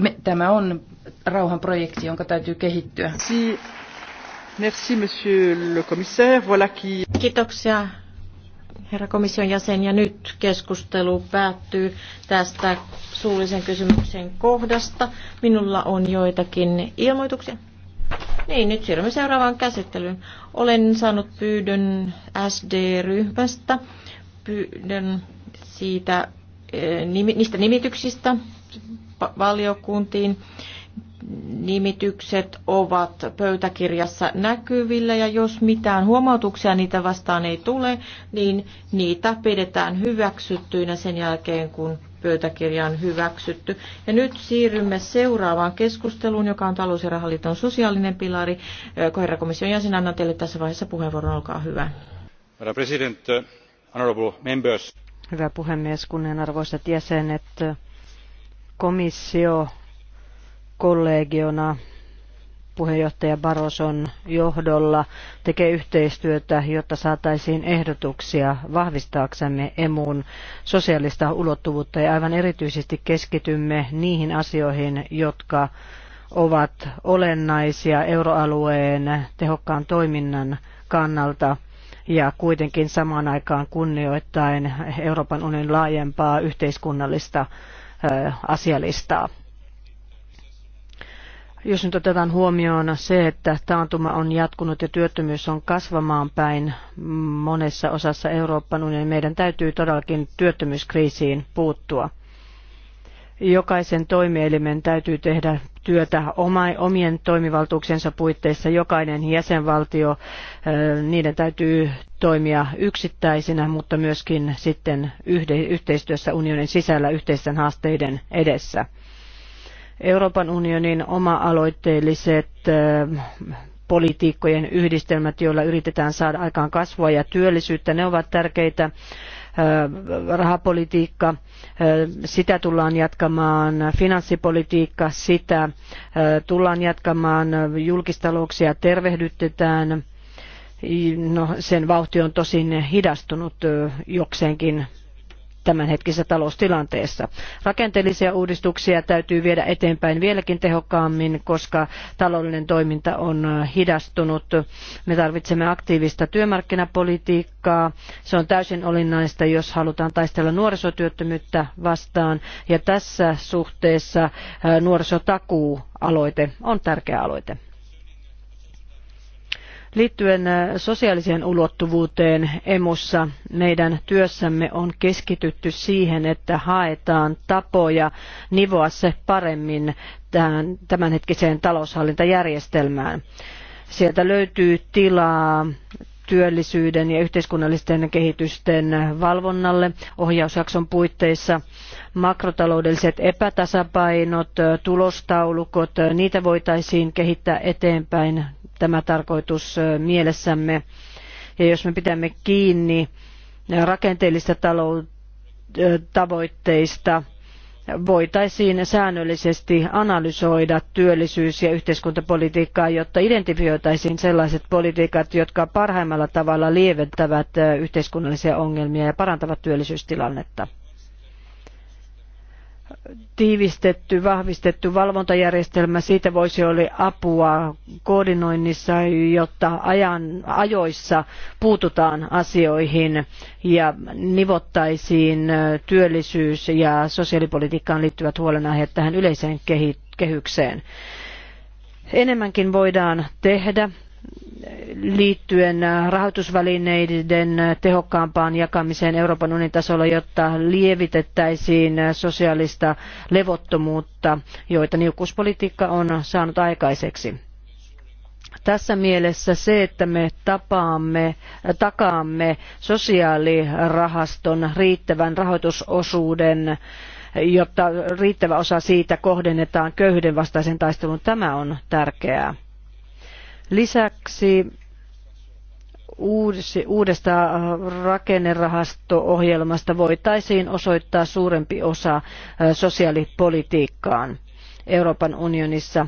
me, tämä on rauhanprojekti, jonka täytyy kehittyä. Merci, monsieur le commissaire. Voilà qui... Kiitoksia, herra komission jäsen. Ja nyt keskustelu päättyy tästä suullisen kysymyksen kohdasta. Minulla on joitakin ilmoituksia. Niin, nyt siirrymme seuraavaan käsittelyyn. Olen saanut pyydön SD-ryhmästä, pyydön siitä, eh, niistä nimityksistä, valiokuntiin. Nimitykset ovat pöytäkirjassa näkyvillä ja jos mitään huomautuksia niitä vastaan ei tule, niin niitä pidetään hyväksyttyinä sen jälkeen, kun pöytäkirja on hyväksytty. Ja nyt siirrymme seuraavaan keskusteluun, joka on talous- ja rahaliiton sosiaalinen pilari. Koherrakomission jäsen, annan teille tässä vaiheessa puheenvuoron, olkaa hyvä. Herra president, honorable members. Hyvä puhemies, kunnianarvoisat jäsenet komissio kollegiona puheenjohtaja Baroson johdolla tekee yhteistyötä, jotta saataisiin ehdotuksia vahvistaaksemme emun sosiaalista ulottuvuutta ja aivan erityisesti keskitymme niihin asioihin, jotka ovat olennaisia euroalueen tehokkaan toiminnan kannalta ja kuitenkin samaan aikaan kunnioittain Euroopan unionin laajempaa yhteiskunnallista asialistaa. Jos nyt otetaan huomioon se, että taantuma on jatkunut ja työttömyys on kasvamaan päin monessa osassa Euroopan unionia, meidän täytyy todellakin työttömyyskriisiin puuttua. Jokaisen toimielimen täytyy tehdä työtä omien toimivaltuuksensa puitteissa. Jokainen jäsenvaltio, niiden täytyy toimia yksittäisinä, mutta myöskin sitten yhteistyössä unionin sisällä yhteisten haasteiden edessä. Euroopan unionin oma-aloitteelliset politiikkojen yhdistelmät, joilla yritetään saada aikaan kasvua ja työllisyyttä, ne ovat tärkeitä rahapolitiikka, sitä tullaan jatkamaan, finanssipolitiikka, sitä tullaan jatkamaan, julkistalouksia tervehdytetään, no, sen vauhti on tosin hidastunut jokseenkin tämänhetkisessä taloustilanteessa. Rakenteellisia uudistuksia täytyy viedä eteenpäin vieläkin tehokkaammin, koska taloudellinen toiminta on hidastunut. Me tarvitsemme aktiivista työmarkkinapolitiikkaa. Se on täysin olennaista, jos halutaan taistella nuorisotyöttömyyttä vastaan. Ja tässä suhteessa nuorisotakuu aloite on tärkeä aloite. Liittyen äh, sosiaaliseen ulottuvuuteen emussa meidän työssämme on keskitytty siihen, että haetaan tapoja nivoa se paremmin tämänhetkiseen taloushallintajärjestelmään. Sieltä löytyy tilaa työllisyyden ja yhteiskunnallisten kehitysten valvonnalle ohjausjakson puitteissa. Makrotaloudelliset epätasapainot, äh, tulostaulukot, äh, niitä voitaisiin kehittää eteenpäin tämä tarkoitus mielessämme. Ja jos me pidämme kiinni rakenteellisista tavoitteista, voitaisiin säännöllisesti analysoida työllisyys ja yhteiskuntapolitiikkaa jotta identifioitaisiin sellaiset politiikat jotka parhaimmalla tavalla lieventävät yhteiskunnallisia ongelmia ja parantavat työllisyystilannetta tiivistetty, vahvistettu valvontajärjestelmä, siitä voisi olla apua koordinoinnissa, jotta ajan, ajoissa puututaan asioihin ja nivottaisiin työllisyys- ja sosiaalipolitiikkaan liittyvät huolenaiheet tähän yleiseen kehykseen. Enemmänkin voidaan tehdä liittyen rahoitusvälineiden tehokkaampaan jakamiseen Euroopan unionin tasolla, jotta lievitettäisiin sosiaalista levottomuutta, joita niukkuuspolitiikka on saanut aikaiseksi. Tässä mielessä se, että me tapaamme, takaamme sosiaalirahaston riittävän rahoitusosuuden jotta riittävä osa siitä kohdennetaan köyhyyden vastaisen taisteluun. Tämä on tärkeää. Lisäksi uudesta äh, rakennerahasto-ohjelmasta voitaisiin osoittaa suurempi osa äh, sosiaalipolitiikkaan Euroopan unionissa.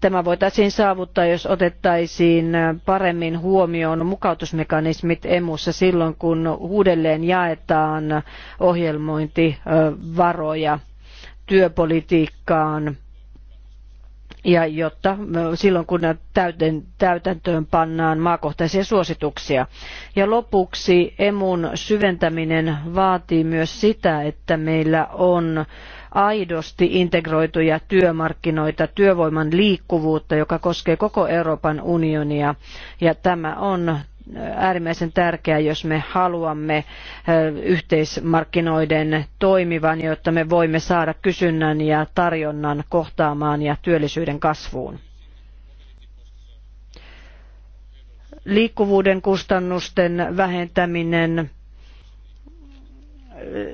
Tämä voitaisiin saavuttaa, jos otettaisiin äh, paremmin huomioon mukautusmekanismit emussa silloin, kun uudelleen jaetaan ohjelmointivaroja työpolitiikkaan, ja jotta silloin kun täytäntöön pannaan maakohtaisia suosituksia. Ja lopuksi emun syventäminen vaatii myös sitä, että meillä on aidosti integroituja työmarkkinoita, työvoiman liikkuvuutta, joka koskee koko Euroopan unionia. Ja tämä on äärimmäisen tärkeää, jos me haluamme yhteismarkkinoiden toimivan, jotta me voimme saada kysynnän ja tarjonnan kohtaamaan ja työllisyyden kasvuun. Liikkuvuuden kustannusten vähentäminen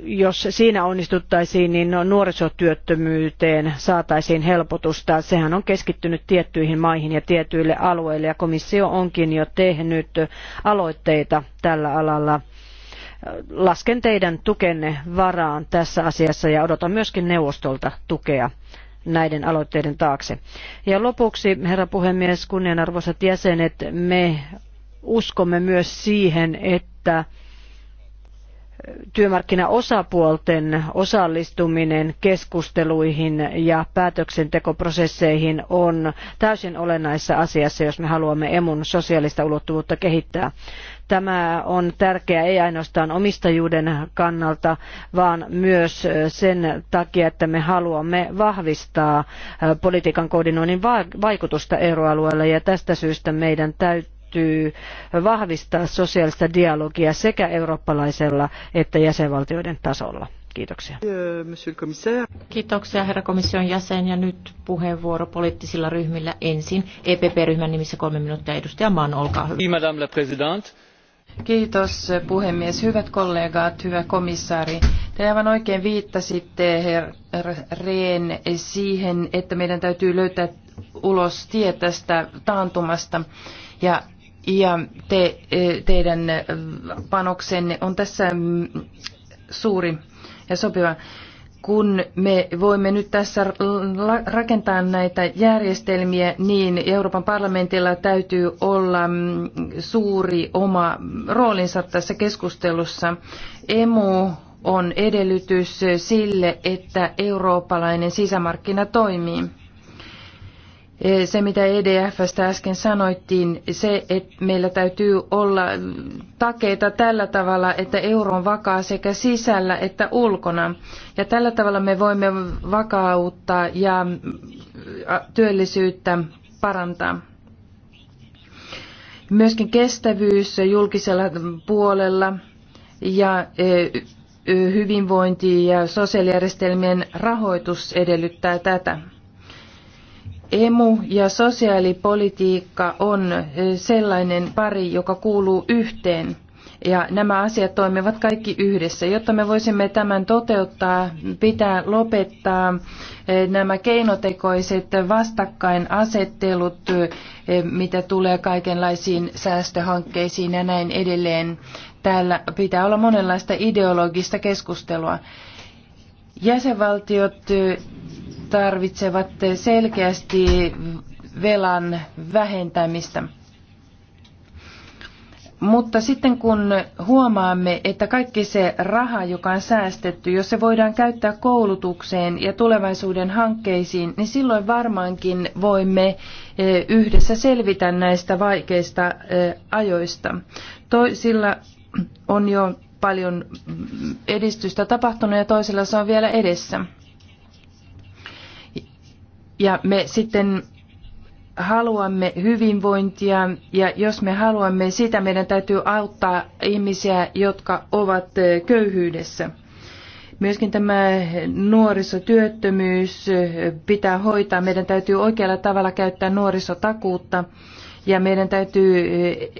jos siinä onnistuttaisiin, niin no, nuorisotyöttömyyteen saataisiin helpotusta. Sehän on keskittynyt tiettyihin maihin ja tietyille alueille ja komissio onkin jo tehnyt aloitteita tällä alalla. Lasken teidän tukenne varaan tässä asiassa ja odotan myöskin neuvostolta tukea näiden aloitteiden taakse. Ja lopuksi, herra puhemies, kunnianarvoisat jäsenet, me uskomme myös siihen, että työmarkkinaosapuolten osallistuminen keskusteluihin ja päätöksentekoprosesseihin on täysin olennaisessa asiassa, jos me haluamme emun sosiaalista ulottuvuutta kehittää. Tämä on tärkeää ei ainoastaan omistajuuden kannalta, vaan myös sen takia, että me haluamme vahvistaa politiikan koordinoinnin vaikutusta euroalueella ja tästä syystä meidän täytyy täytyy vahvistaa sosiaalista dialogia sekä eurooppalaisella että jäsenvaltioiden tasolla. Kiitoksia. Kiitoksia herra komission jäsen ja nyt puheenvuoro poliittisilla ryhmillä ensin. EPP-ryhmän nimissä kolme minuuttia edustaja Maan, olkaa hyvä. Madame la présidente. Kiitos puhemies. Hyvät kollegat, hyvä komissaari. Te aivan oikein viittasitte, herra Rehn, siihen, että meidän täytyy löytää ulos tie tästä taantumasta. Ja ja te, e, teidän panoksenne on tässä mm, suuri ja sopiva. Kun me voimme nyt tässä rakentaa näitä järjestelmiä, niin Euroopan parlamentilla täytyy olla mm, suuri oma roolinsa tässä keskustelussa. Emu on edellytys sille, että eurooppalainen sisämarkkina toimii se, mitä EDFstä äsken sanoittiin, se, että meillä täytyy olla takeita tällä tavalla, että euro on vakaa sekä sisällä että ulkona. Ja tällä tavalla me voimme vakauttaa ja mm, työllisyyttä parantaa. Myöskin kestävyys julkisella puolella ja e, hyvinvointi- ja sosiaalijärjestelmien rahoitus edellyttää tätä. Emu ja sosiaalipolitiikka on sellainen pari, joka kuuluu yhteen. Ja nämä asiat toimivat kaikki yhdessä. Jotta me voisimme tämän toteuttaa, pitää lopettaa nämä keinotekoiset vastakkainasettelut, mitä tulee kaikenlaisiin säästöhankkeisiin ja näin edelleen. Täällä pitää olla monenlaista ideologista keskustelua. Jäsenvaltiot tarvitsevat selkeästi velan vähentämistä. Mutta sitten kun huomaamme, että kaikki se raha, joka on säästetty, jos se voidaan käyttää koulutukseen ja tulevaisuuden hankkeisiin, niin silloin varmaankin voimme e, yhdessä selvitä näistä vaikeista e, ajoista. Toisilla on jo paljon edistystä tapahtunut ja toisilla se on vielä edessä. Ja me sitten haluamme hyvinvointia ja jos me haluamme sitä, meidän täytyy auttaa ihmisiä, jotka ovat eh, köyhyydessä. Myöskin tämä nuorisotyöttömyys eh, pitää hoitaa. Meidän täytyy oikealla tavalla käyttää nuorisotakuutta ja meidän täytyy eh,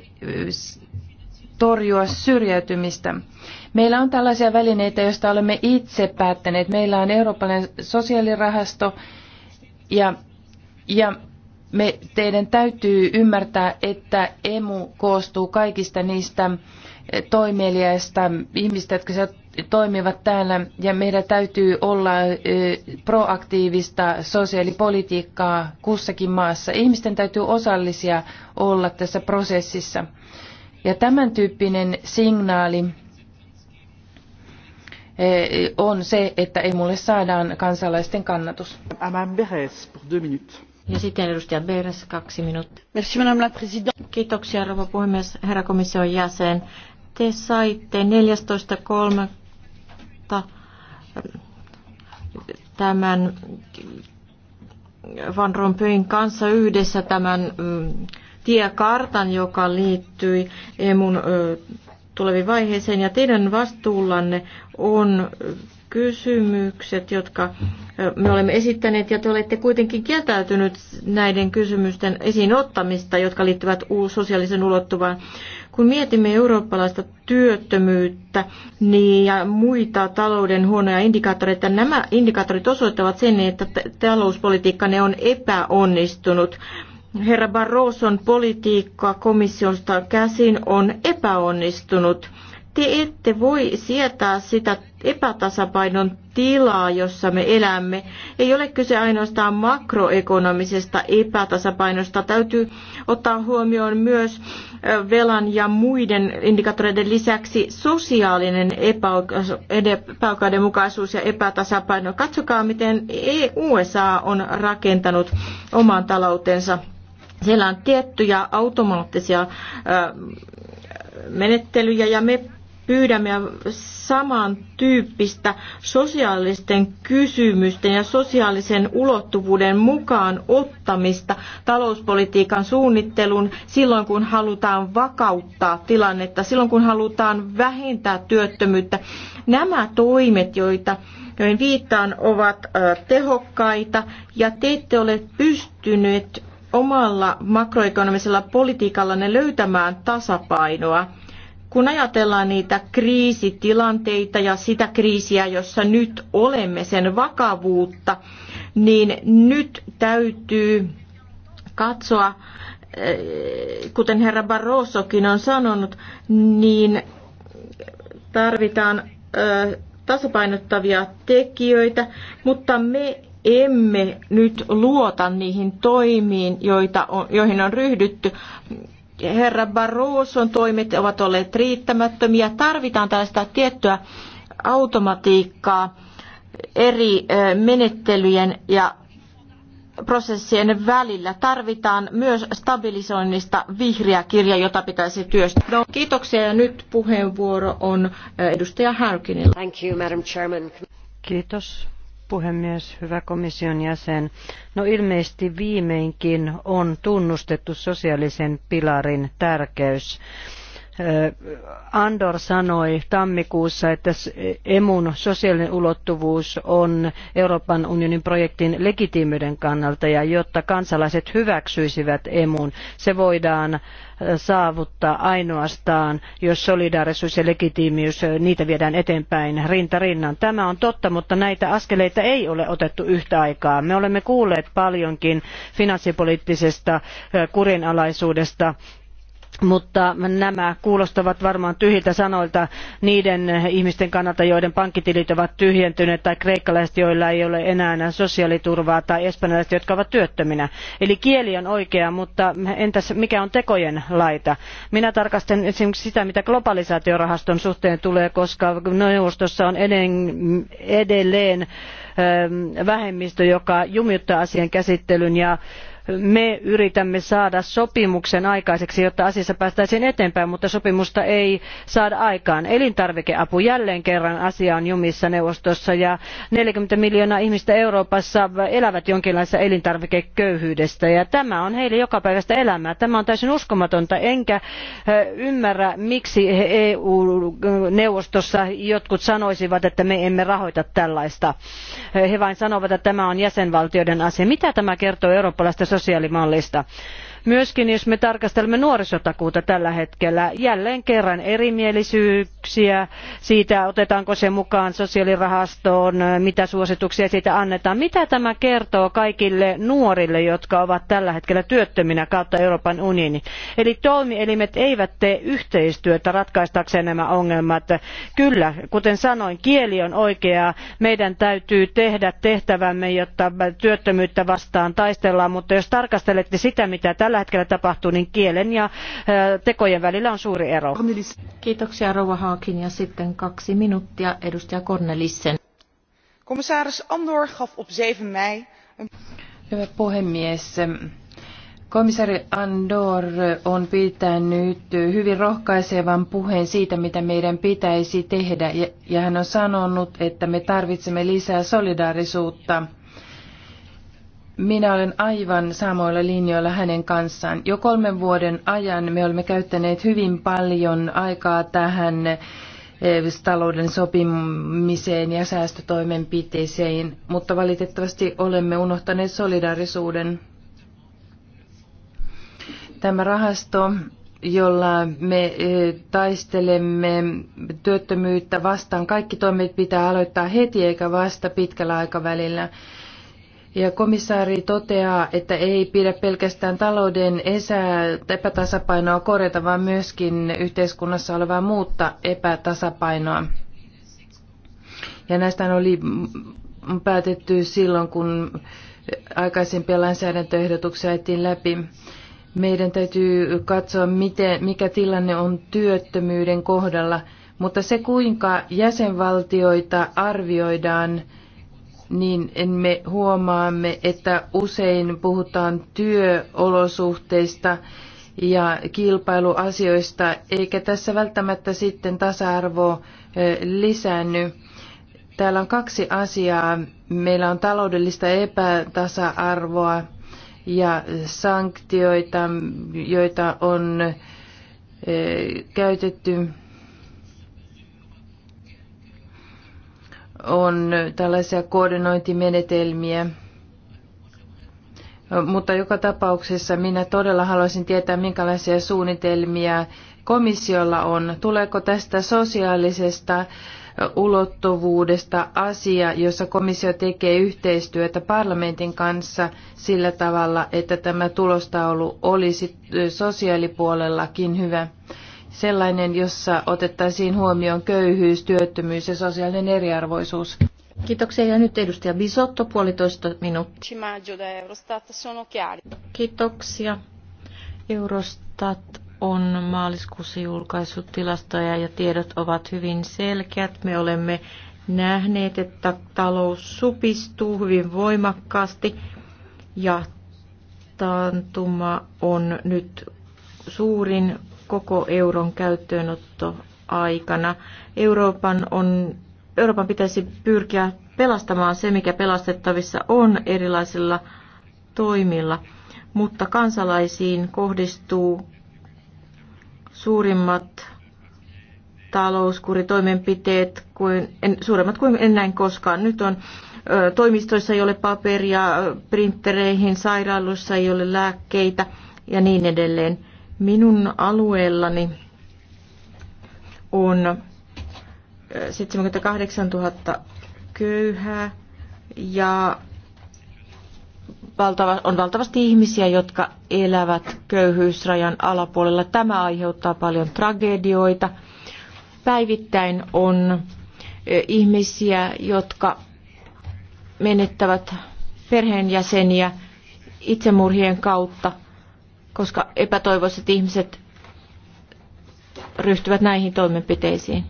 torjua syrjäytymistä. Meillä on tällaisia välineitä, joista olemme itse päättäneet. Meillä on Euroopan sosiaalirahasto, ja, ja me, teidän täytyy ymmärtää, että emu koostuu kaikista niistä toimeliaista ihmistä, jotka toimivat täällä, ja meidän täytyy olla proaktiivista sosiaalipolitiikkaa kussakin maassa. Ihmisten täytyy osallisia olla tässä prosessissa. Ja tämän tyyppinen signaali Eh, on se, että emulle saadaan kansalaisten kannatus. Ja sitten edustaja Beres, kaksi minuuttia. Kiitoksia, rouva puhemies, herra komission jäsen. Te saitte 14.3. Eh, tämän Van Rompuyn kanssa yhdessä tämän mm, tiekartan, joka liittyi emun eh, tuleviin vaiheeseen ja teidän vastuullanne on kysymykset, jotka me olemme esittäneet, ja te olette kuitenkin kieltäytynyt näiden kysymysten esiin ottamista, jotka liittyvät sosiaalisen ulottuvaan. Kun mietimme eurooppalaista työttömyyttä niin ja muita talouden huonoja indikaattoreita, nämä indikaattorit osoittavat sen, että talouspolitiikka ne on epäonnistunut herra Barroson politiikka komissiosta käsin on epäonnistunut. Te ette voi sietää sitä epätasapainon tilaa, jossa me elämme. Ei ole kyse ainoastaan makroekonomisesta epätasapainosta. Täytyy ottaa huomioon myös velan ja muiden indikaattoreiden lisäksi sosiaalinen epäoikeudenmukaisuus ja epätasapaino. Katsokaa, miten e USA on rakentanut oman taloutensa. Siellä on tiettyjä automaattisia menettelyjä ja me pyydämme samantyyppistä sosiaalisten kysymysten ja sosiaalisen ulottuvuuden mukaan ottamista talouspolitiikan suunnittelun silloin, kun halutaan vakauttaa tilannetta, silloin kun halutaan vähentää työttömyyttä. Nämä toimet, joita joihin viittaan, ovat tehokkaita ja te ette ole pystyneet omalla makroekonomisella politiikallanne löytämään tasapainoa? Kun ajatellaan niitä kriisitilanteita ja sitä kriisiä, jossa nyt olemme, sen vakavuutta, niin nyt täytyy katsoa, eh, kuten herra Barrosokin on sanonut, niin tarvitaan eh, tasapainottavia tekijöitä, mutta me emme nyt luota niihin toimiin, joita on, joihin on ryhdytty. Herra Barroson toimet ovat olleet riittämättömiä. Tarvitaan tällaista tiettyä automatiikkaa eri menettelyjen ja prosessien välillä. Tarvitaan myös stabilisoinnista vihreä kirja, jota pitäisi työstää. No, kiitoksia ja nyt puheenvuoro on edustaja Harkinilla. Thank you, Madam Chairman. Kiitos puhemies, hyvä komission jäsen. No ilmeisesti viimeinkin on tunnustettu sosiaalisen pilarin tärkeys. Andor sanoi tammikuussa, että emun sosiaalinen ulottuvuus on Euroopan unionin projektin legitiimyyden kannalta ja jotta kansalaiset hyväksyisivät emun, se voidaan saavuttaa ainoastaan, jos solidaarisuus ja legitiimiys, niitä viedään eteenpäin rinta rinnan. Tämä on totta, mutta näitä askeleita ei ole otettu yhtä aikaa. Me olemme kuulleet paljonkin finanssipoliittisesta kurinalaisuudesta mutta nämä kuulostavat varmaan tyhjiltä sanoilta niiden ihmisten kannalta, joiden pankkitilit ovat tyhjentyneet, tai kreikkalaiset, joilla ei ole enää sosiaaliturvaa, tai espanjalaiset, jotka ovat työttöminä. Eli kieli on oikea, mutta entäs mikä on tekojen laita? Minä tarkastan esimerkiksi sitä, mitä globalisaatiorahaston suhteen tulee, koska neuvostossa on edelleen vähemmistö, joka jumiuttaa asian käsittelyn ja me yritämme saada sopimuksen aikaiseksi, jotta asiassa päästäisiin eteenpäin, mutta sopimusta ei saada aikaan. Elintarvikeapu jälleen kerran asia on jumissa neuvostossa ja 40 miljoonaa ihmistä Euroopassa elävät jonkinlaisessa elintarvikeköyhyydessä ja tämä on heille jokapäiväistä elämää. Tämä on täysin uskomatonta enkä ymmärrä miksi EU-neuvostossa e jotkut sanoisivat, että me emme rahoita tällaista. He vain sanovat, että tämä on jäsenvaltioiden asia. Mitä tämä kertoo eurooppalaista sosiaalimallista. Myöskin jos me tarkastelemme nuorisotakuuta tällä hetkellä, jälleen kerran erimielisyyksiä siitä, otetaanko se mukaan sosiaalirahastoon, mitä suosituksia siitä annetaan. Mitä tämä kertoo kaikille nuorille, jotka ovat tällä hetkellä työttöminä kautta Euroopan unionin? Eli toimielimet eivät tee yhteistyötä ratkaistakseen nämä ongelmat. Kyllä, kuten sanoin, kieli on oikea. Meidän täytyy tehdä tehtävämme, jotta työttömyyttä vastaan taistellaan, mutta jos tarkastelette sitä, mitä tällä hetkellä tapahtuu, niin kielen ja tekojen välillä on suuri ero. Kiitoksia Rouva Haakin ja sitten kaksi minuuttia edustaja Cornelissen. Commissaris Andor gaf op 7 mei... Hyvä puhemies, Komissaari Andor on pitänyt hyvin rohkaisevan puheen siitä, mitä meidän pitäisi tehdä, ja hän on sanonut, että me tarvitsemme lisää solidaarisuutta. Minä olen aivan samoilla linjoilla hänen kanssaan. Jo kolmen vuoden ajan me olemme käyttäneet hyvin paljon aikaa tähän eh, siis talouden sopimiseen ja säästötoimenpiteisiin, mutta valitettavasti olemme unohtaneet solidaarisuuden. Tämä rahasto, jolla me eh, taistelemme työttömyyttä vastaan, kaikki toimet pitää aloittaa heti eikä vasta pitkällä aikavälillä. Ja komissaari toteaa, että ei pidä pelkästään talouden esää, epätasapainoa korjata, vaan myöskin yhteiskunnassa olevaa muutta epätasapainoa. Ja näistä oli päätetty silloin, kun aikaisempia lainsäädäntöehdotuksia ajettiin läpi. Meidän täytyy katsoa, miten, mikä tilanne on työttömyyden kohdalla, mutta se kuinka jäsenvaltioita arvioidaan, niin me huomaamme, että usein puhutaan työolosuhteista ja kilpailuasioista, eikä tässä välttämättä sitten tasa-arvo lisänny. Täällä on kaksi asiaa. Meillä on taloudellista epätasa-arvoa ja sanktioita, joita on käytetty on tällaisia koordinointimenetelmiä. Mutta joka tapauksessa minä todella haluaisin tietää, minkälaisia suunnitelmia komissiolla on. Tuleeko tästä sosiaalisesta ulottuvuudesta asia, jossa komissio tekee yhteistyötä parlamentin kanssa sillä tavalla, että tämä tulostaulu olisi sosiaalipuolellakin hyvä sellainen, jossa otettaisiin huomioon köyhyys, työttömyys ja sosiaalinen eriarvoisuus. Kiitoksia ja nyt edustaja Bisotto, puolitoista minuuttia. Kiitoksia. Eurostat on maaliskuussa julkaissut tilastoja ja tiedot ovat hyvin selkeät. Me olemme nähneet, että talous supistuu hyvin voimakkaasti ja taantuma on nyt suurin koko euron käyttöönotto aikana. Euroopan, on, Euroopan pitäisi pyrkiä pelastamaan se, mikä pelastettavissa on erilaisilla toimilla, mutta kansalaisiin kohdistuu suurimmat talouskuritoimenpiteet kuin, en, suuremmat kuin ennen koskaan. Nyt on ö, toimistoissa ei ole paperia, printtereihin, sairaalussa ei ole lääkkeitä ja niin edelleen. Minun alueellani on 78 000 köyhää ja valtava, on valtavasti ihmisiä, jotka elävät köyhyysrajan alapuolella. Tämä aiheuttaa paljon tragedioita. Päivittäin on ihmisiä, jotka menettävät perheenjäseniä itsemurhien kautta – koska epätoivoiset ihmiset ryhtyvät näihin toimenpiteisiin.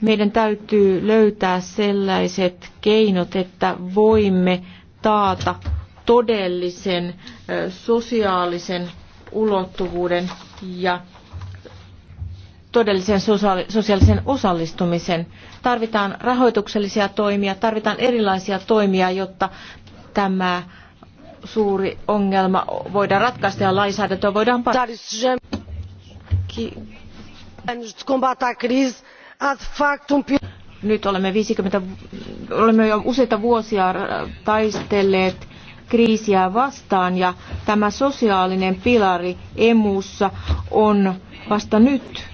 Meidän täytyy löytää sellaiset keinot, että voimme taata todellisen sosiaalisen ulottuvuuden ja todellisen sosiaalisen osallistumisen. Tarvitaan rahoituksellisia toimia, tarvitaan erilaisia toimia, jotta tämä suuri ongelma voidaan ratkaista ja lainsäädäntöä voidaan parantaa. Nyt olemme, 50, olemme jo useita vuosia taistelleet kriisiä vastaan ja tämä sosiaalinen pilari emussa on vasta nyt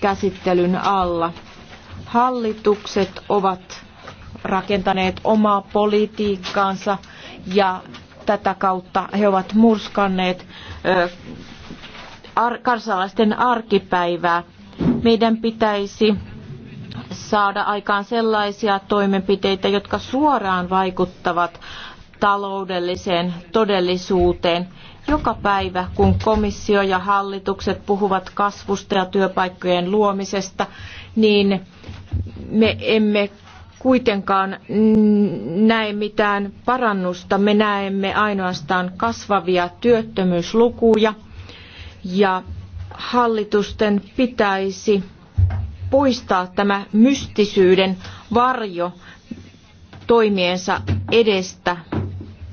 käsittelyn alla. Hallitukset ovat rakentaneet omaa politiikkaansa ja tätä kautta he ovat murskanneet kansalaisten arkipäivää. Meidän pitäisi saada aikaan sellaisia toimenpiteitä, jotka suoraan vaikuttavat taloudelliseen todellisuuteen. Joka päivä, kun komissio ja hallitukset puhuvat kasvusta ja työpaikkojen luomisesta, niin me emme kuitenkaan näe mitään parannusta. Me näemme ainoastaan kasvavia työttömyyslukuja ja hallitusten pitäisi poistaa tämä mystisyyden varjo toimiensa edestä.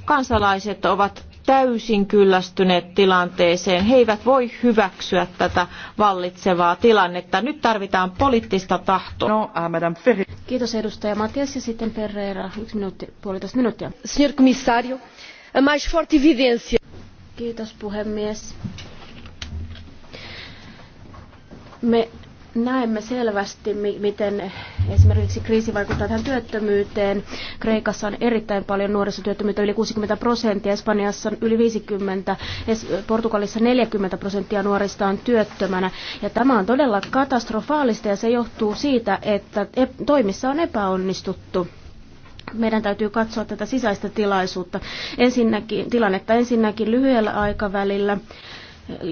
Kansalaiset ovat täysin kyllästyneet tilanteeseen. He eivät voi hyväksyä tätä vallitsevaa tilannetta. Nyt tarvitaan poliittista tahtoa. No, äh, Kiitos edustaja Matias ja sitten Pereira. Yksi minuutti, puolitoista minuuttia. Signor commissario, mais forte evidencia. Kiitos puhemies. Me näemme selvästi, miten esimerkiksi kriisi vaikuttaa tähän työttömyyteen. Kreikassa on erittäin paljon nuorisotyöttömyyttä, yli 60 prosenttia, Espanjassa on yli 50, Portugalissa 40 prosenttia nuorista on työttömänä. Ja tämä on todella katastrofaalista ja se johtuu siitä, että toimissa on epäonnistuttu meidän täytyy katsoa tätä sisäistä tilaisuutta. Ensinnäkin, tilannetta ensinnäkin lyhyellä aikavälillä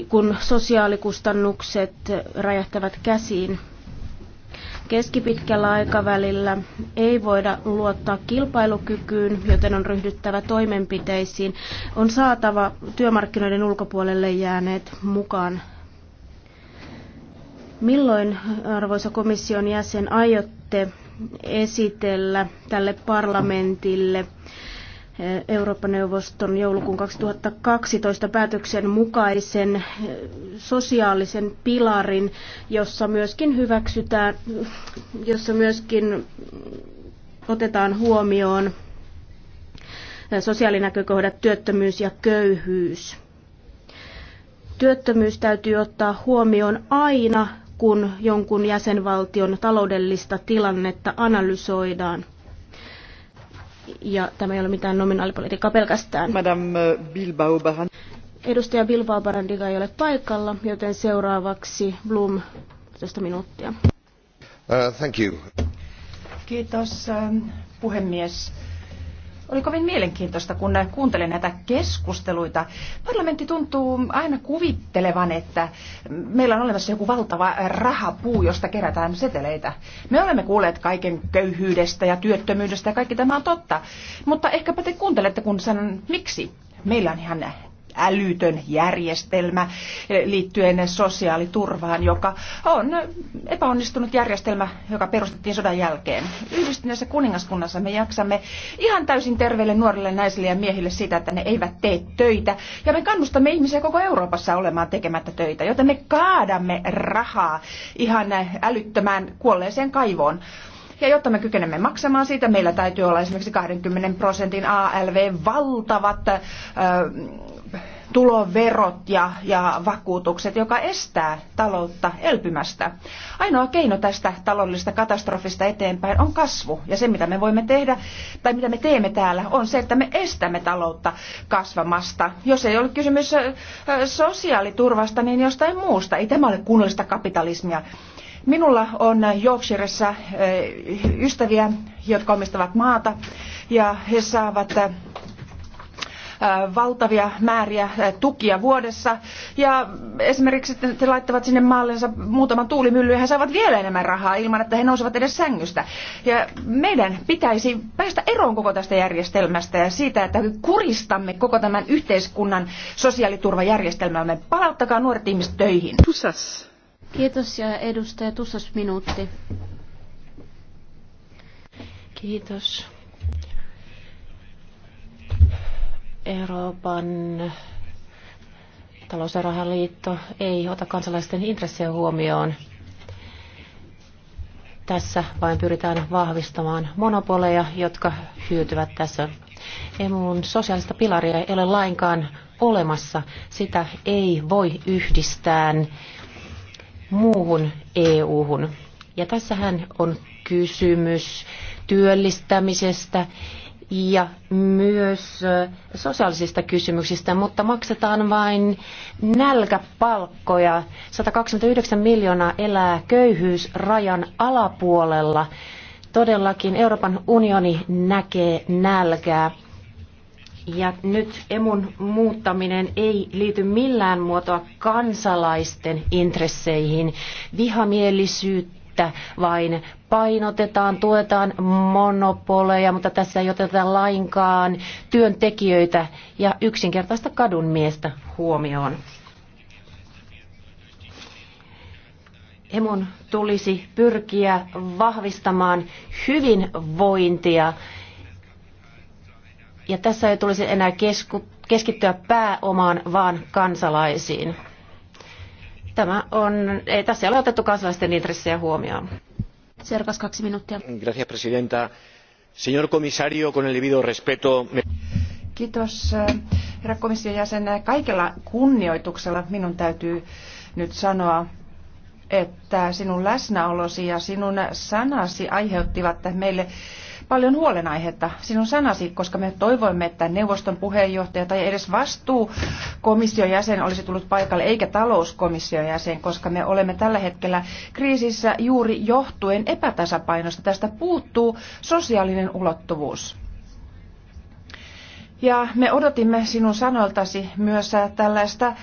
kun sosiaalikustannukset räjähtävät käsiin. Keskipitkällä aikavälillä ei voida luottaa kilpailukykyyn, joten on ryhdyttävä toimenpiteisiin. On saatava työmarkkinoiden ulkopuolelle jääneet mukaan. Milloin, arvoisa komission jäsen, aiotte esitellä tälle parlamentille Eurooppa-neuvoston joulukuun 2012 päätöksen mukaisen eh, sosiaalisen pilarin, jossa myöskin hyväksytään, jossa myöskin otetaan huomioon eh, sosiaalinäkökohdat, työttömyys ja köyhyys. Työttömyys täytyy ottaa huomioon aina, kun jonkun jäsenvaltion taloudellista tilannetta analysoidaan ja tämä ei ole mitään nominaalipolitiikkaa pelkästään. Madame äh, Bilbao Baran. Edustaja Bilbao Barandiga ei ole paikalla, joten seuraavaksi Bloom tästä minuuttia. Uh, thank you. Kiitos ähm, puhemies. Oli kovin mielenkiintoista, kun kuuntelin näitä keskusteluita. Parlamentti tuntuu aina kuvittelevan, että meillä on olemassa joku valtava rahapuu, josta kerätään seteleitä. Me olemme kuulleet kaiken köyhyydestä ja työttömyydestä ja kaikki tämä on totta. Mutta ehkäpä te kuuntelette, kun sanon miksi. Meillä on ihan älytön järjestelmä liittyen sosiaaliturvaan, joka on epäonnistunut järjestelmä, joka perustettiin sodan jälkeen. Yhdistyneessä kuningaskunnassa me jaksamme ihan täysin terveille nuorille naisille ja miehille sitä, että ne eivät tee töitä. Ja me kannustamme ihmisiä koko Euroopassa olemaan tekemättä töitä, joten me kaadamme rahaa ihan älyttömään kuolleeseen kaivoon. Ja jotta me kykenemme maksamaan siitä, meillä täytyy olla esimerkiksi 20 prosentin ALV-valtavat äh, tuloverot ja, ja vakuutukset, joka estää taloutta elpymästä. Ainoa keino tästä taloudellisesta katastrofista eteenpäin on kasvu. Ja se, mitä me voimme tehdä, tai mitä me teemme täällä, on se, että me estämme taloutta kasvamasta. Jos ei ole kysymys sosiaaliturvasta, niin jostain muusta. Ei tämä ole kunnollista kapitalismia. Minulla on Yorkshiressa eh, ystäviä, jotka omistavat maata ja he saavat eh, valtavia määriä eh, tukia vuodessa. Ja esimerkiksi he laittavat sinne maallensa muutaman tuulimyllyn ja he saavat vielä enemmän rahaa ilman, että he nousevat edes sängystä. Ja meidän pitäisi päästä eroon koko tästä järjestelmästä ja siitä, että kuristamme koko tämän yhteiskunnan sosiaaliturvajärjestelmämme. Palauttakaa nuoret ihmiset töihin. Tusas. Kiitos ja edustaja Tussas minuutti. Kiitos. Euroopan talous- ja rahaliitto ei ota kansalaisten intressejä huomioon. Tässä vain pyritään vahvistamaan monopoleja, jotka hyötyvät tässä. EMUn sosiaalista pilaria ei ole lainkaan olemassa. Sitä ei voi yhdistää muuhun EU-hun. Ja tässähän on kysymys työllistämisestä ja myös sosiaalisista kysymyksistä, mutta maksetaan vain nälkäpalkkoja. 129 miljoonaa elää köyhyysrajan alapuolella. Todellakin Euroopan unioni näkee nälkää. Ja nyt emun muuttaminen ei liity millään muotoa kansalaisten intresseihin. Vihamielisyyttä vain painotetaan, tuetaan monopoleja, mutta tässä ei oteta lainkaan työntekijöitä ja yksinkertaista kadunmiestä huomioon. Emun tulisi pyrkiä vahvistamaan hyvinvointia ja tässä ei tulisi enää kesku, keskittyä pääomaan, vaan kansalaisiin. Tämä on, ei, tässä ei ole otettu kansalaisten intressejä huomioon. Serkas kaksi minuuttia. Gracias, presidenta. Señor comisario, con el debido respeto... Me... Kiitos, eh, herra komission jäsen. Kaikella kunnioituksella minun täytyy nyt sanoa, että sinun läsnäolosi ja sinun sanasi aiheuttivat meille paljon huolenaihetta sinun sanasi, koska me toivoimme, että neuvoston puheenjohtaja tai edes vastuu komission jäsen olisi tullut paikalle, eikä talouskomission jäsen, koska me olemme tällä hetkellä kriisissä juuri johtuen epätasapainosta. Tästä puuttuu sosiaalinen ulottuvuus. Ja me odotimme sinun sanoiltasi myös tällaista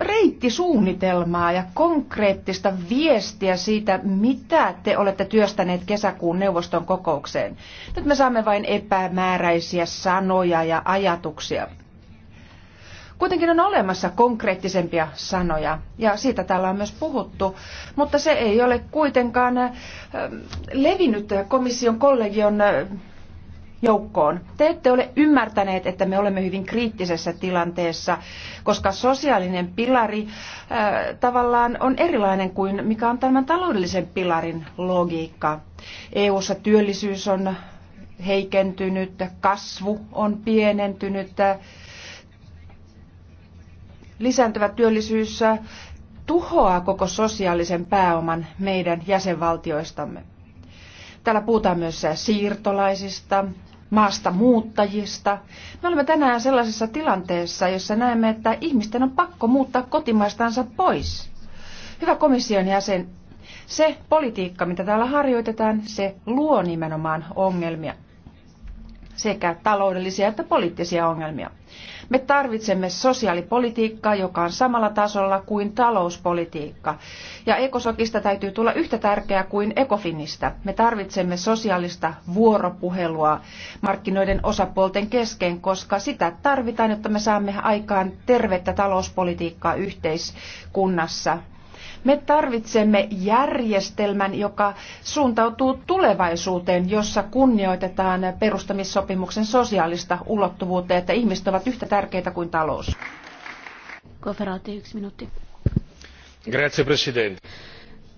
reittisuunnitelmaa ja konkreettista viestiä siitä, mitä te olette työstäneet kesäkuun neuvoston kokoukseen. Nyt me saamme vain epämääräisiä sanoja ja ajatuksia. Kuitenkin on olemassa konkreettisempia sanoja, ja siitä täällä on myös puhuttu, mutta se ei ole kuitenkaan äh, levinnyt komission kollegion äh, joukkoon. Te ette ole ymmärtäneet, että me olemme hyvin kriittisessä tilanteessa, koska sosiaalinen pilari äh, tavallaan on erilainen kuin mikä on tämän taloudellisen pilarin logiikka. EU:ssa työllisyys on heikentynyt, kasvu on pienentynyt, lisääntyvä työllisyys tuhoaa koko sosiaalisen pääoman meidän jäsenvaltioistamme. Täällä puhutaan myös siirtolaisista, maasta muuttajista. Me olemme tänään sellaisessa tilanteessa, jossa näemme, että ihmisten on pakko muuttaa kotimaistansa pois. Hyvä komission jäsen, se politiikka, mitä täällä harjoitetaan, se luo nimenomaan ongelmia sekä taloudellisia että poliittisia ongelmia. Me tarvitsemme sosiaalipolitiikkaa, joka on samalla tasolla kuin talouspolitiikka. Ja ekosokista täytyy tulla yhtä tärkeää kuin ekofinista. Me tarvitsemme sosiaalista vuoropuhelua markkinoiden osapuolten kesken, koska sitä tarvitaan, jotta me saamme aikaan tervettä talouspolitiikkaa yhteiskunnassa me tarvitsemme järjestelmän, joka suuntautuu tulevaisuuteen, jossa kunnioitetaan perustamissopimuksen sosiaalista ulottuvuutta, että ihmiset ovat yhtä tärkeitä kuin talous. Koferaati, yksi minuutti. Grazie, Presidente.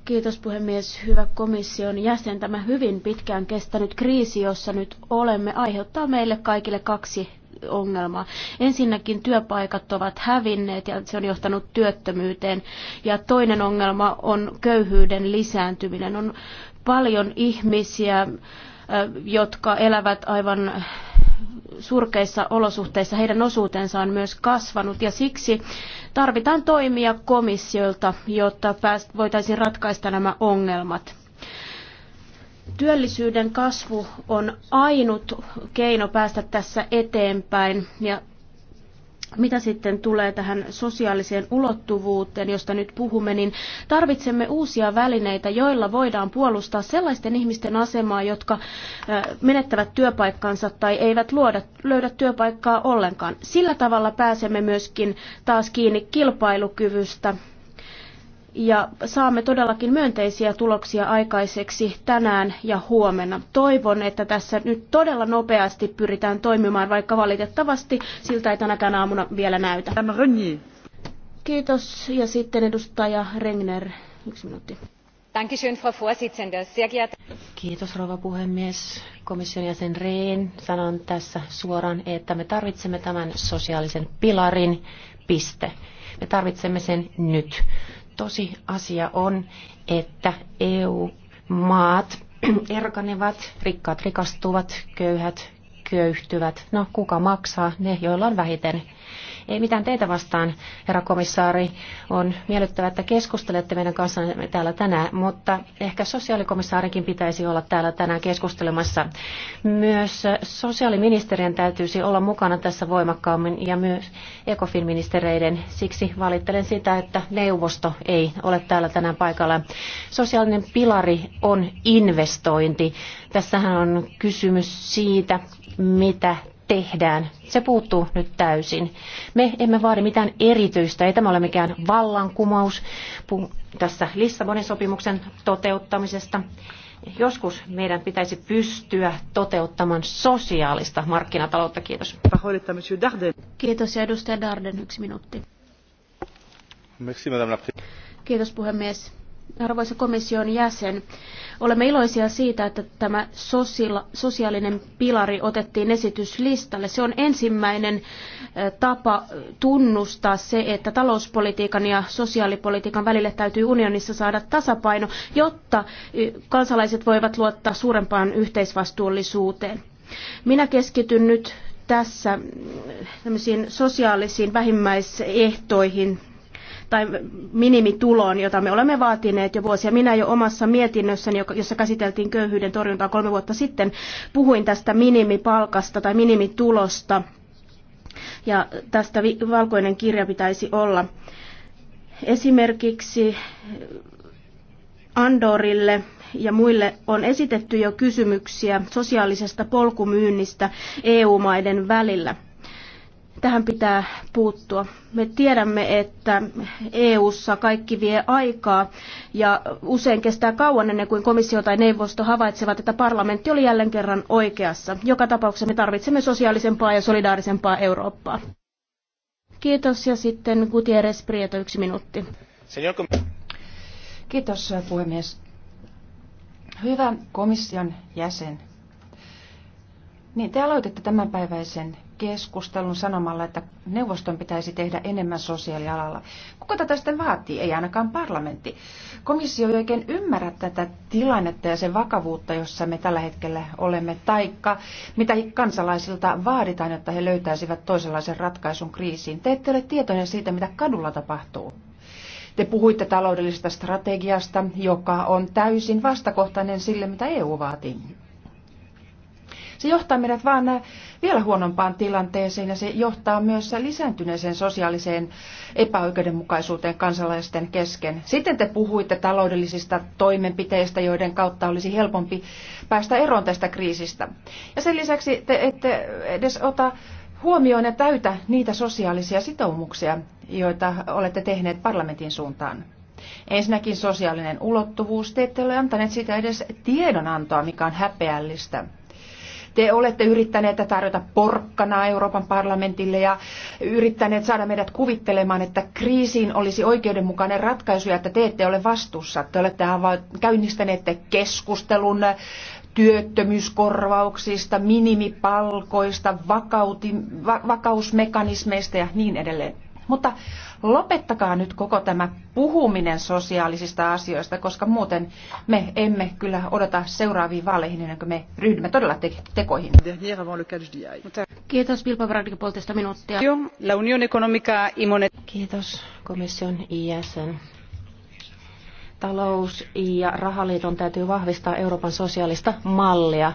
Kiitos puhemies. Hyvä komission jäsen. Tämä hyvin pitkään kestänyt kriisi, jossa nyt olemme, aiheuttaa meille kaikille kaksi ongelma. Ensinnäkin työpaikat ovat hävinneet ja se on johtanut työttömyyteen. Ja toinen ongelma on köyhyyden lisääntyminen. On paljon ihmisiä, jotka elävät aivan surkeissa olosuhteissa. Heidän osuutensa on myös kasvanut ja siksi tarvitaan toimia komissiolta, jotta voitaisiin ratkaista nämä ongelmat. Työllisyyden kasvu on ainut keino päästä tässä eteenpäin ja mitä sitten tulee tähän sosiaaliseen ulottuvuuteen, josta nyt puhumme, niin tarvitsemme uusia välineitä, joilla voidaan puolustaa sellaisten ihmisten asemaa, jotka menettävät työpaikkansa tai eivät luoda, löydä työpaikkaa ollenkaan. Sillä tavalla pääsemme myöskin taas kiinni kilpailukyvystä ja saamme todellakin myönteisiä tuloksia aikaiseksi tänään ja huomenna. Toivon, että tässä nyt todella nopeasti pyritään toimimaan, vaikka valitettavasti siltä ei tänäkään aamuna vielä näytä. Kiitos ja sitten edustaja Regner, yksi minuutti. Kiitos rouva puhemies. Komission jäsen Rehn sanon tässä suoraan, että me tarvitsemme tämän sosiaalisen pilarin piste. Me tarvitsemme sen nyt. Tosi asia on, että EU-maat erkanevat, rikkaat rikastuvat, köyhät köyhtyvät. No, kuka maksaa? Ne, joilla on vähiten ei mitään teitä vastaan, herra komissaari. On miellyttävää, että keskustelette meidän kanssamme täällä tänään, mutta ehkä sosiaalikomissaarikin pitäisi olla täällä tänään keskustelemassa. Myös sosiaaliministerien täytyisi olla mukana tässä voimakkaammin ja myös ECOFIN-ministereiden. Siksi valittelen sitä, että neuvosto ei ole täällä tänään paikalla. Sosiaalinen pilari on investointi. Tässähän on kysymys siitä, mitä tehdään. Se puuttuu nyt täysin. Me emme vaadi mitään erityistä, ei tämä ole mikään vallankumous tässä Lissabonin sopimuksen toteuttamisesta. Joskus meidän pitäisi pystyä toteuttamaan sosiaalista markkinataloutta. Kiitos. Kiitos ja edustaja Darden, yksi minuutti. Kiitos puhemies. Arvoisa komission jäsen, olemme iloisia siitä, että tämä sosiaalinen pilari otettiin esityslistalle. Se on ensimmäinen tapa tunnustaa se, että talouspolitiikan ja sosiaalipolitiikan välille täytyy unionissa saada tasapaino, jotta kansalaiset voivat luottaa suurempaan yhteisvastuullisuuteen. Minä keskityn nyt tässä mm, sosiaalisiin vähimmäisehtoihin tai minimituloon, jota me olemme vaatineet jo vuosia. Minä jo omassa mietinnössäni, jossa käsiteltiin köyhyyden torjuntaa kolme vuotta sitten, puhuin tästä minimipalkasta tai minimitulosta. Ja tästä valkoinen kirja pitäisi olla. Esimerkiksi Andorille ja muille on esitetty jo kysymyksiä sosiaalisesta polkumyynnistä EU-maiden välillä. Tähän pitää puuttua. Me tiedämme, että EU:ssa kaikki vie aikaa ja usein kestää kauan ennen kuin komissio tai neuvosto havaitsevat, että parlamentti oli jälleen kerran oikeassa. Joka tapauksessa me tarvitsemme sosiaalisempaa ja solidaarisempaa Eurooppaa. Kiitos ja sitten Gutierrez Prieto yksi minuutti. Kiitos puhemies. Hyvä komission jäsen. Niin, te aloititte tämänpäiväisen keskustelun sanomalla, että neuvoston pitäisi tehdä enemmän sosiaalialalla. Kuka tätä sitten vaatii? Ei ainakaan parlamentti. Komissio ei oikein ymmärrä tätä tilannetta ja sen vakavuutta, jossa me tällä hetkellä olemme, taikka mitä kansalaisilta vaaditaan, jotta he löytäisivät toisenlaisen ratkaisun kriisiin. Te ette ole tietoinen siitä, mitä kadulla tapahtuu. Te puhuitte taloudellisesta strategiasta, joka on täysin vastakohtainen sille, mitä EU vaatii. Se johtaa meidät vaan äh, vielä huonompaan tilanteeseen ja se johtaa myös lisääntyneeseen sosiaaliseen epäoikeudenmukaisuuteen kansalaisten kesken. Sitten te puhuitte taloudellisista toimenpiteistä, joiden kautta olisi helpompi päästä eroon tästä kriisistä. Ja sen lisäksi te ette edes ota huomioon ja täytä niitä sosiaalisia sitoumuksia, joita olette tehneet parlamentin suuntaan. Ensinnäkin sosiaalinen ulottuvuus. Te ette ole antaneet sitä edes tiedonantoa, mikä on häpeällistä. Te olette yrittäneet tarjota porkkanaa Euroopan parlamentille ja yrittäneet saada meidät kuvittelemaan, että kriisiin olisi oikeudenmukainen ratkaisu ja että te ette ole vastuussa. Te olette käynnistäneet keskustelun työttömyyskorvauksista, minimipalkoista, vakauti, va, vakausmekanismeista ja niin edelleen. Mutta lopettakaa nyt koko tämä puhuminen sosiaalisista asioista, koska muuten me emme kyllä odota seuraaviin vaaleihin ennen kuin me ryhdymme todella te- tekoihin. Kiitos Bilbo Bradley, puolitoista minuuttia. La Union Economica Kiitos komission jäsen. Talous- ja rahaliiton täytyy vahvistaa Euroopan sosiaalista mallia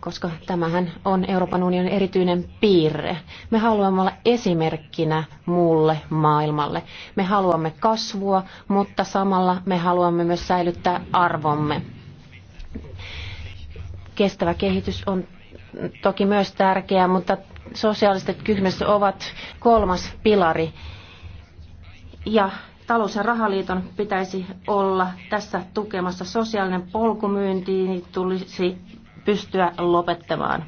koska tämähän on Euroopan unionin erityinen piirre. Me haluamme olla esimerkkinä muulle maailmalle. Me haluamme kasvua, mutta samalla me haluamme myös säilyttää arvomme. Kestävä kehitys on toki myös tärkeää, mutta sosiaaliset kysymykset ovat kolmas pilari. Ja talous- ja rahaliiton pitäisi olla tässä tukemassa sosiaalinen polkumyynti, niin tulisi pystyä lopettamaan.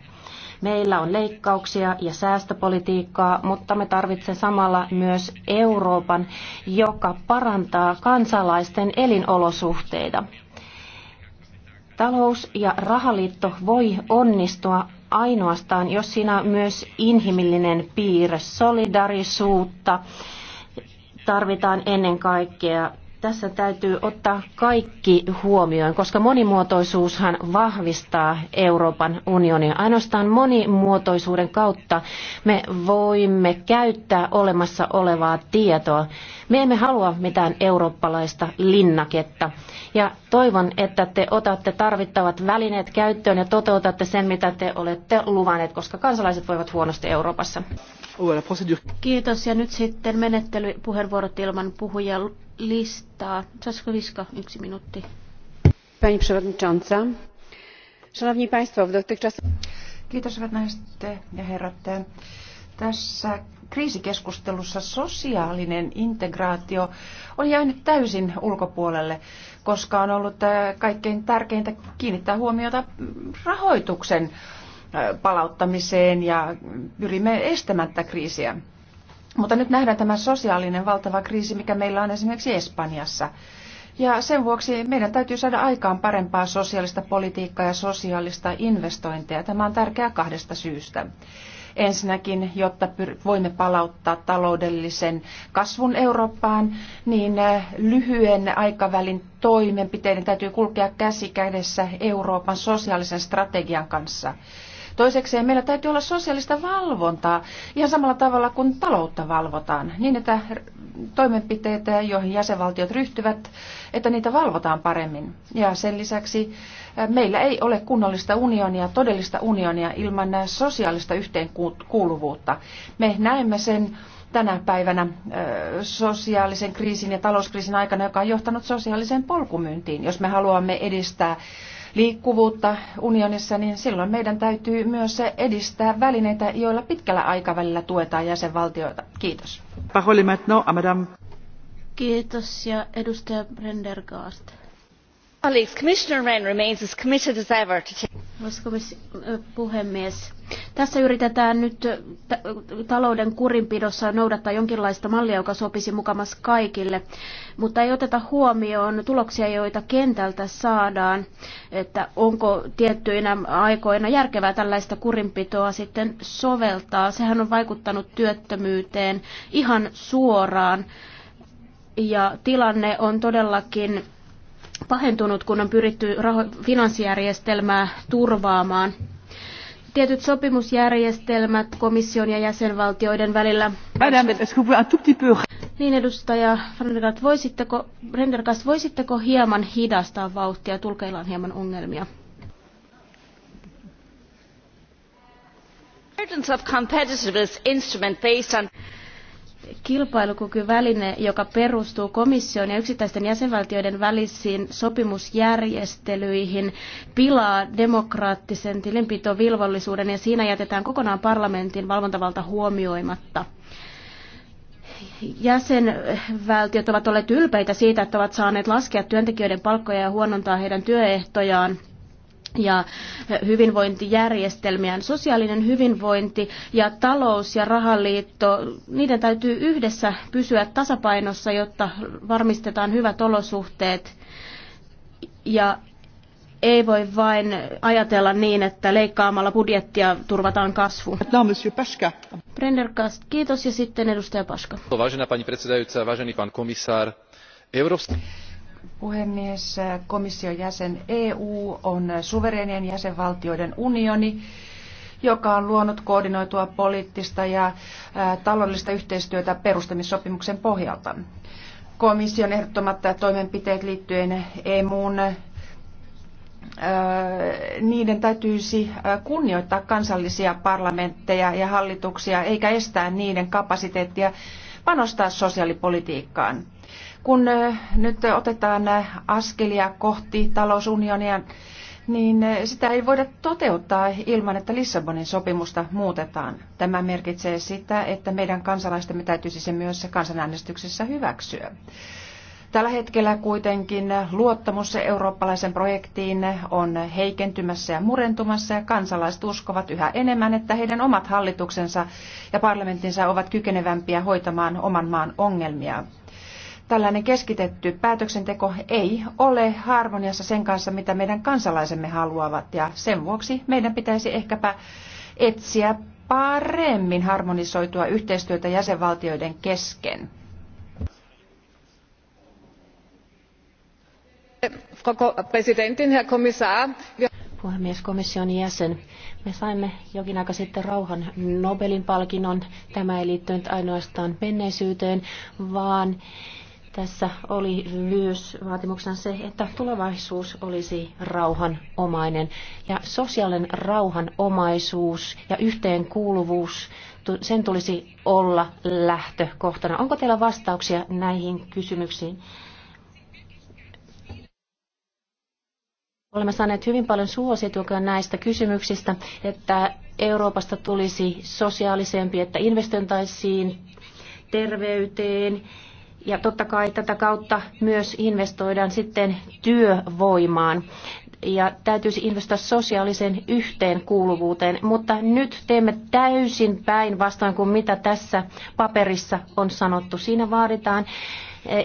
Meillä on leikkauksia ja säästöpolitiikkaa, mutta me tarvitsemme samalla myös Euroopan, joka parantaa kansalaisten elinolosuhteita. Talous- ja rahaliitto voi onnistua ainoastaan, jos siinä on myös inhimillinen piirre, solidarisuutta. Tarvitaan ennen kaikkea tässä täytyy ottaa kaikki huomioon, koska monimuotoisuushan vahvistaa Euroopan unionia. Ainoastaan monimuotoisuuden kautta me voimme käyttää olemassa olevaa tietoa. Me emme halua mitään eurooppalaista linnaketta. Ja toivon, että te otatte tarvittavat välineet käyttöön ja toteutatte sen, mitä te olette luvanneet, koska kansalaiset voivat huonosti Euroopassa. Oh, Kiitos ja nyt sitten menettelypuheenvuorot ilman puhujalistaa. Viska, yksi minuutti. Pani przewodnicząca. Szanowni Państwo, w dotychczas... Kiitos hyvät naiset ja herrat. Tässä kriisikeskustelussa sosiaalinen integraatio on jäänyt täysin ulkopuolelle, koska on ollut äh, kaikkein tärkeintä kiinnittää huomiota mm, rahoituksen palauttamiseen ja pyrimme estämättä kriisiä. Mutta nyt nähdään tämä sosiaalinen valtava kriisi, mikä meillä on esimerkiksi Espanjassa. Ja sen vuoksi meidän täytyy saada aikaan parempaa sosiaalista politiikkaa ja sosiaalista investointeja. Tämä on tärkeää kahdesta syystä. Ensinnäkin, jotta voimme palauttaa taloudellisen kasvun Eurooppaan, niin lyhyen aikavälin toimenpiteiden täytyy kulkea käsi kädessä Euroopan sosiaalisen strategian kanssa. Toisekseen meillä täytyy olla sosiaalista valvontaa ihan samalla tavalla kuin taloutta valvotaan, niin että toimenpiteitä, joihin jäsenvaltiot ryhtyvät, että niitä valvotaan paremmin. Ja sen lisäksi meillä ei ole kunnollista unionia, todellista unionia ilman sosiaalista yhteenkuuluvuutta. Me näemme sen tänä päivänä sosiaalisen kriisin ja talouskriisin aikana, joka on johtanut sosiaaliseen polkumyyntiin. Jos me haluamme edistää liikkuvuutta unionissa, niin silloin meidän täytyy myös edistää välineitä, joilla pitkällä aikavälillä tuetaan jäsenvaltioita. Kiitos. No, Kiitos ja edustaja Brendergaard. Arvoisa puhemies, tässä yritetään nyt talouden kurinpidossa noudattaa jonkinlaista mallia, joka sopisi mukamas kaikille, mutta ei oteta huomioon tuloksia, joita kentältä saadaan, että onko tiettyinä aikoina järkevää tällaista kurinpitoa sitten soveltaa. Sehän on vaikuttanut työttömyyteen ihan suoraan ja tilanne on todellakin pahentunut, kun on pyritty raho- finanssijärjestelmää turvaamaan. Tietyt sopimusjärjestelmät komission ja jäsenvaltioiden välillä. Madame, niin edustaja Rendergast, voisitteko, Rendergast, voisitteko hieman hidastaa vauhtia? Tulkeilla on hieman ongelmia. Of competitiveness instrument based on kilpailukykyväline, joka perustuu komission ja yksittäisten jäsenvaltioiden välisiin sopimusjärjestelyihin, pilaa demokraattisen tilinpitovilvollisuuden ja siinä jätetään kokonaan parlamentin valvontavalta huomioimatta. Jäsenvaltiot ovat olleet ylpeitä siitä, että ovat saaneet laskea työntekijöiden palkkoja ja huonontaa heidän työehtojaan – ja hyvinvointijärjestelmiä, Sosiaalinen hyvinvointi ja talous- ja rahaliitto, niiden täytyy yhdessä pysyä tasapainossa, jotta varmistetaan hyvät olosuhteet. Ja ei voi vain ajatella niin, että leikkaamalla budjettia turvataan kasvu. No, monsieur Prendergast, kiitos ja sitten edustaja Paska. Vážená pani predsedajúca, vážený pán komisár, puhemies, komission jäsen EU on suvereenien jäsenvaltioiden unioni, joka on luonut koordinoitua poliittista ja taloudellista yhteistyötä perustamissopimuksen pohjalta. Komission ehdottomat toimenpiteet liittyen EMUun niiden täytyisi kunnioittaa kansallisia parlamentteja ja hallituksia eikä estää niiden kapasiteettia panostaa sosiaalipolitiikkaan. Kun nyt otetaan askelia kohti talousunionia, niin sitä ei voida toteuttaa ilman, että Lissabonin sopimusta muutetaan. Tämä merkitsee sitä, että meidän kansalaistemme täytyisi se myös kansanäänestyksessä hyväksyä. Tällä hetkellä kuitenkin luottamus eurooppalaisen projektiin on heikentymässä ja murentumassa ja kansalaiset uskovat yhä enemmän, että heidän omat hallituksensa ja parlamenttinsa ovat kykenevämpiä hoitamaan oman maan ongelmia tällainen keskitetty päätöksenteko ei ole harmoniassa sen kanssa, mitä meidän kansalaisemme haluavat. Ja sen vuoksi meidän pitäisi ehkäpä etsiä paremmin harmonisoitua yhteistyötä jäsenvaltioiden kesken. puhemies, komission jäsen. Me saimme jokin aika sitten rauhan Nobelin palkinnon. Tämä ei liittynyt ainoastaan menneisyyteen, vaan tässä oli myös vaatimuksena se, että tulevaisuus olisi rauhanomainen. Ja sosiaalinen rauhanomaisuus ja yhteenkuuluvuus, sen tulisi olla lähtökohtana. Onko teillä vastauksia näihin kysymyksiin? Olemme saaneet hyvin paljon suosituksia näistä kysymyksistä, että Euroopasta tulisi sosiaalisempi, että investointaisiin terveyteen ja totta kai tätä kautta myös investoidaan sitten työvoimaan ja täytyisi investoida sosiaaliseen yhteenkuuluvuuteen, mutta nyt teemme täysin päinvastoin kuin mitä tässä paperissa on sanottu. Siinä vaaditaan,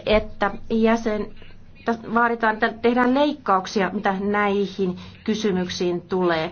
että jäsen, vaaditaan, että tehdään leikkauksia, mitä näihin kysymyksiin tulee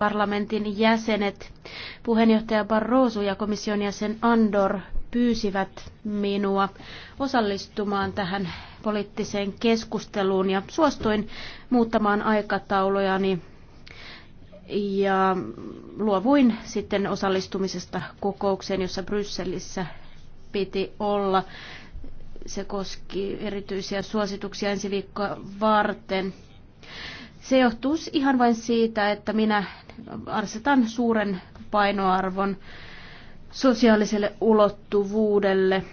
parlamentin jäsenet, puheenjohtaja Barroso ja komission jäsen Andor pyysivät minua osallistumaan tähän poliittiseen keskusteluun ja suostuin muuttamaan aikataulujani ja luovuin sitten osallistumisesta kokoukseen, jossa Brysselissä piti olla. Se koski erityisiä suosituksia ensi viikkoa varten. Se johtuu ihan vain siitä, että minä arsetan suuren painoarvon sosiaaliselle ulottuvuudelle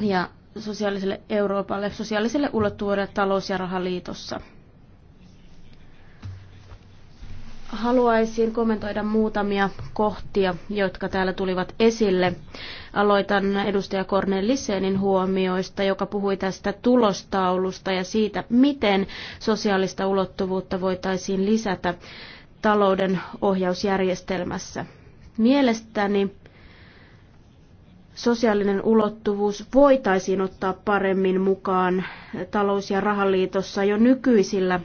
ja sosiaaliselle Euroopalle, sosiaaliselle ulottuvuudelle talous- ja rahaliitossa. Haluaisin kommentoida muutamia kohtia, jotka täällä tulivat esille. Aloitan edustaja Kornelisenin huomioista, joka puhui tästä tulostaulusta ja siitä, miten sosiaalista ulottuvuutta voitaisiin lisätä talouden ohjausjärjestelmässä. Mielestäni sosiaalinen ulottuvuus voitaisiin ottaa paremmin mukaan talous- ja rahaliitossa jo nykyisillä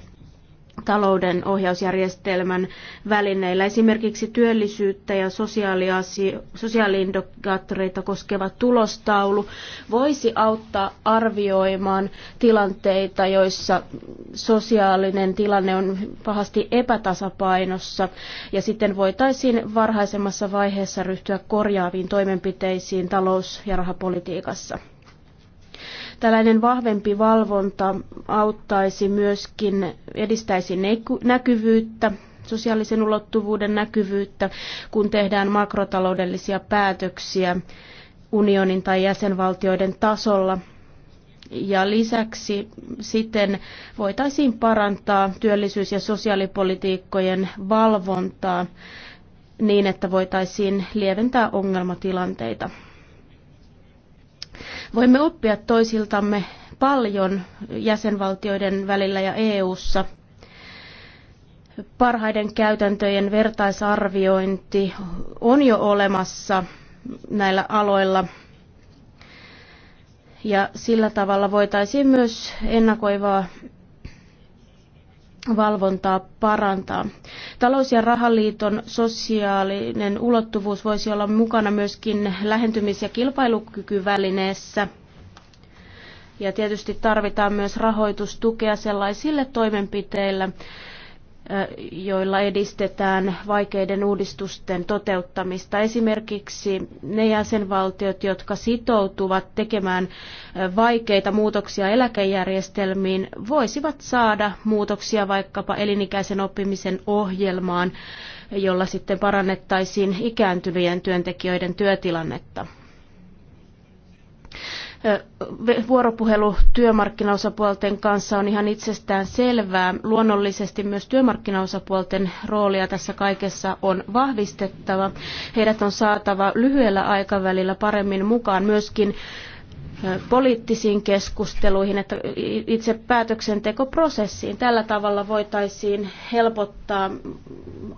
talouden ohjausjärjestelmän välineillä. Esimerkiksi työllisyyttä ja sosiaaliindikaattoreita koskeva tulostaulu voisi auttaa arvioimaan tilanteita, joissa sosiaalinen tilanne on pahasti epätasapainossa ja sitten voitaisiin varhaisemmassa vaiheessa ryhtyä korjaaviin toimenpiteisiin talous- ja rahapolitiikassa. Tällainen vahvempi valvonta auttaisi myöskin, edistäisi näkyvyyttä, sosiaalisen ulottuvuuden näkyvyyttä, kun tehdään makrotaloudellisia päätöksiä unionin tai jäsenvaltioiden tasolla. Ja lisäksi siten voitaisiin parantaa työllisyys- ja sosiaalipolitiikkojen valvontaa niin, että voitaisiin lieventää ongelmatilanteita. Voimme oppia toisiltamme paljon jäsenvaltioiden välillä ja EU:ssa. Parhaiden käytäntöjen vertaisarviointi on jo olemassa näillä aloilla. Ja sillä tavalla voitaisiin myös ennakoivaa valvontaa parantaa. Talous- ja rahaliiton sosiaalinen ulottuvuus voisi olla mukana myöskin lähentymis- ja kilpailukykyvälineessä. Ja tietysti tarvitaan myös rahoitustukea sellaisille toimenpiteillä, joilla edistetään vaikeiden uudistusten toteuttamista. Esimerkiksi ne jäsenvaltiot, jotka sitoutuvat tekemään vaikeita muutoksia eläkejärjestelmiin, voisivat saada muutoksia vaikkapa elinikäisen oppimisen ohjelmaan, jolla sitten parannettaisiin ikääntyvien työntekijöiden työtilannetta vuoropuhelu työmarkkinaosapuolten kanssa on ihan itsestään selvää. Luonnollisesti myös työmarkkinaosapuolten roolia tässä kaikessa on vahvistettava. Heidät on saatava lyhyellä aikavälillä paremmin mukaan myöskin poliittisiin keskusteluihin, että itse päätöksentekoprosessiin. Tällä tavalla voitaisiin helpottaa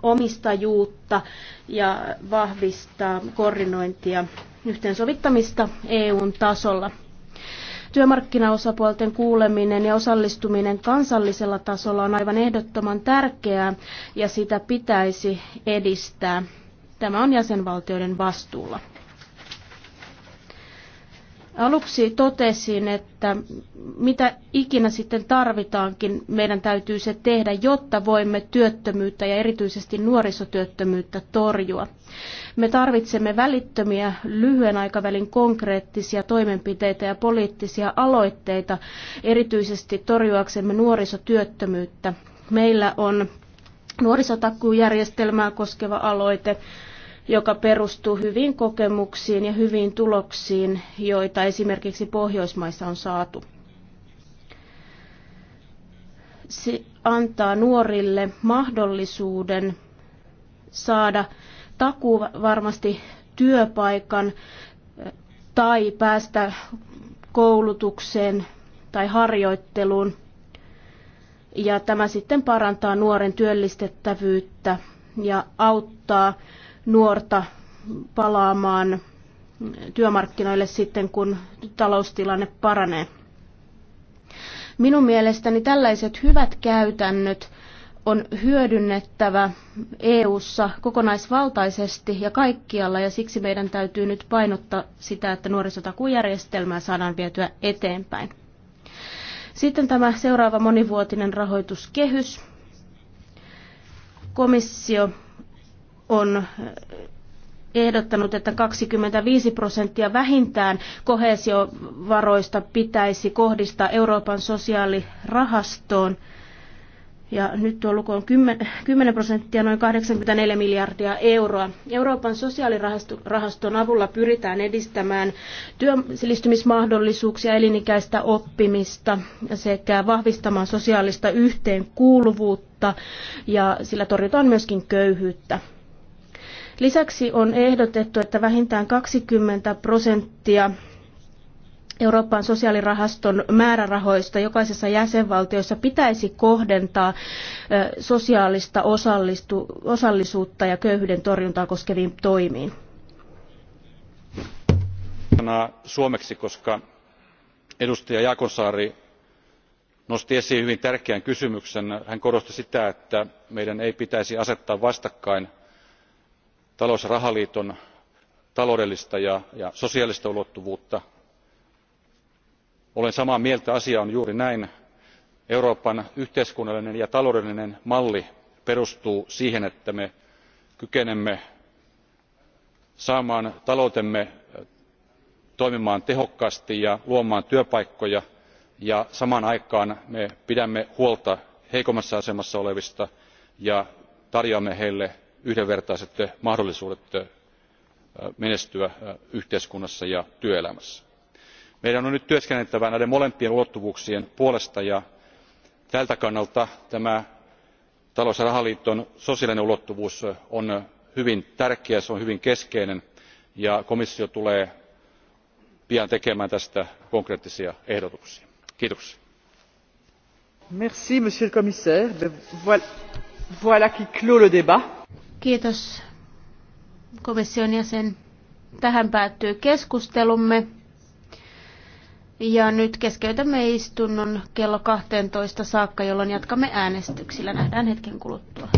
omistajuutta ja vahvistaa koordinointia yhteensovittamista EUn tasolla. Työmarkkinaosapuolten kuuleminen ja osallistuminen kansallisella tasolla on aivan ehdottoman tärkeää ja sitä pitäisi edistää. Tämä on jäsenvaltioiden vastuulla. Aluksi totesin, että mitä ikinä sitten tarvitaankin, meidän täytyy se tehdä, jotta voimme työttömyyttä ja erityisesti nuorisotyöttömyyttä torjua. Me tarvitsemme välittömiä lyhyen aikavälin konkreettisia toimenpiteitä ja poliittisia aloitteita, erityisesti torjuaksemme nuorisotyöttömyyttä. Meillä on nuorisotakuujärjestelmää koskeva aloite, joka perustuu hyviin kokemuksiin ja hyviin tuloksiin, joita esimerkiksi Pohjoismaissa on saatu. Se antaa nuorille mahdollisuuden saada takuu varmasti työpaikan eh, tai päästä koulutukseen tai harjoitteluun. Ja tämä sitten parantaa nuoren työllistettävyyttä ja auttaa nuorta palaamaan työmarkkinoille sitten, kun taloustilanne paranee. Minun mielestäni tällaiset hyvät käytännöt on hyödynnettävä EU:ssa kokonaisvaltaisesti ja kaikkialla, ja siksi meidän täytyy nyt painottaa sitä, että nuorisotakujärjestelmää saadaan vietyä eteenpäin. Sitten tämä seuraava monivuotinen rahoituskehys. Komissio on ehdottanut, että 25 prosenttia vähintään kohesiovaroista pitäisi kohdistaa Euroopan sosiaalirahastoon. Ja nyt tuo luku on 10 prosenttia, noin 84 miljardia euroa. Euroopan sosiaalirahaston avulla pyritään edistämään työllistymismahdollisuuksia, elinikäistä oppimista sekä vahvistamaan sosiaalista yhteenkuuluvuutta ja sillä torjutaan myöskin köyhyyttä. Lisäksi on ehdotettu, että vähintään 20 prosenttia Euroopan sosiaalirahaston määrärahoista jokaisessa jäsenvaltiossa pitäisi kohdentaa sosiaalista osallisuutta ja köyhyyden torjuntaa koskeviin toimiin. Sanaa suomeksi, koska edustaja Jaakonsaari nosti esiin hyvin tärkeän kysymyksen. Hän korosti sitä, että meidän ei pitäisi asettaa vastakkain talous ja rahaliiton taloudellista ja sosiaalista ulottuvuutta. olen samaa mieltä asia on juuri näin. euroopan yhteiskunnallinen ja taloudellinen malli perustuu siihen että me kykenemme saamaan taloutemme toimimaan tehokkaasti ja luomaan työpaikkoja ja samaan aikaan me pidämme huolta heikommassa asemassa olevista ja tarjoamme heille yhdenvertaiset mahdollisuudet menestyä yhteiskunnassa ja työelämässä. meidän on nyt työskenneltävä näiden molempien ulottuvuuksien puolesta ja tältä kannalta tämä talous ja rahaliiton sosiaalinen ulottuvuus on hyvin tärkeä se on hyvin keskeinen ja komissio tulee pian tekemään tästä konkreettisia ehdotuksia. kiitoksia. merci monsieur le commissaire. voilà qui clôt le débat. Kiitos komission jäsen. Tähän päättyy keskustelumme. Ja nyt keskeytämme istunnon kello 12 saakka, jolloin jatkamme äänestyksillä. Nähdään hetken kuluttua.